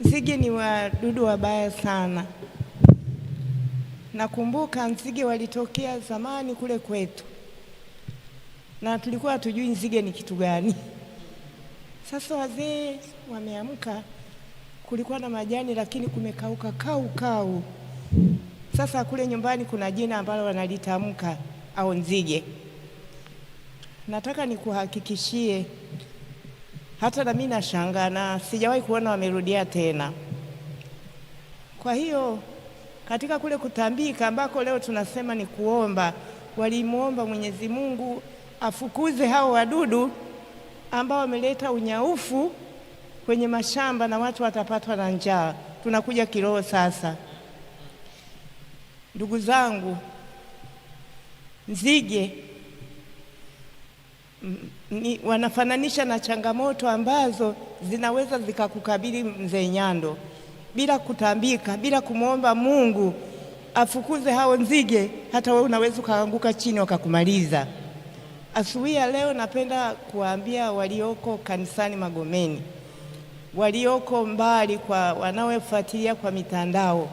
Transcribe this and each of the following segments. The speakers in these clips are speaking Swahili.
Nzige ni wadudu wabaya sana. Nakumbuka nzige walitokea zamani kule kwetu, na tulikuwa hatujui nzige ni kitu gani. Sasa wazee wameamka, kulikuwa na majani lakini kumekauka kau kau. Sasa kule nyumbani kuna jina ambalo wanalitamka au nzige. Nataka nikuhakikishie hata mimi nashangaa na sijawahi kuona wamerudia tena. Kwa hiyo katika kule kutambika ambako leo tunasema ni kuomba, walimwomba Mwenyezi Mungu afukuze hao wadudu ambao wameleta unyaufu kwenye mashamba na watu watapatwa na njaa. Tunakuja kiroho sasa, ndugu zangu, nzige ni, wanafananisha na changamoto ambazo zinaweza zikakukabili mzee Nyando. Bila kutambika, bila kumwomba Mungu afukuze hao nzige, hata wewe unaweza ukaanguka chini wakakumaliza. Asubuhi ya leo napenda kuwaambia walioko kanisani Magomeni, walioko mbali, kwa wanaofuatilia kwa mitandao,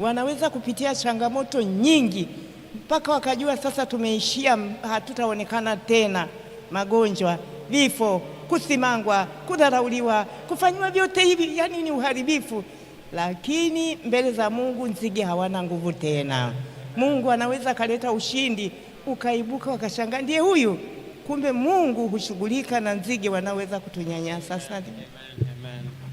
wanaweza kupitia changamoto nyingi mpaka wakajua sasa tumeishia, hatutaonekana tena magonjwa, vifo, kusimangwa, kudharauliwa, kufanywa vyote hivi, yani ni uharibifu. Lakini mbele za Mungu nzige hawana nguvu tena. Mungu anaweza akaleta ushindi, ukaibuka wakashangaa, ndiye huyu. Kumbe Mungu hushughulika na nzige wanaoweza kutunyanyasa sana. Amen, amen.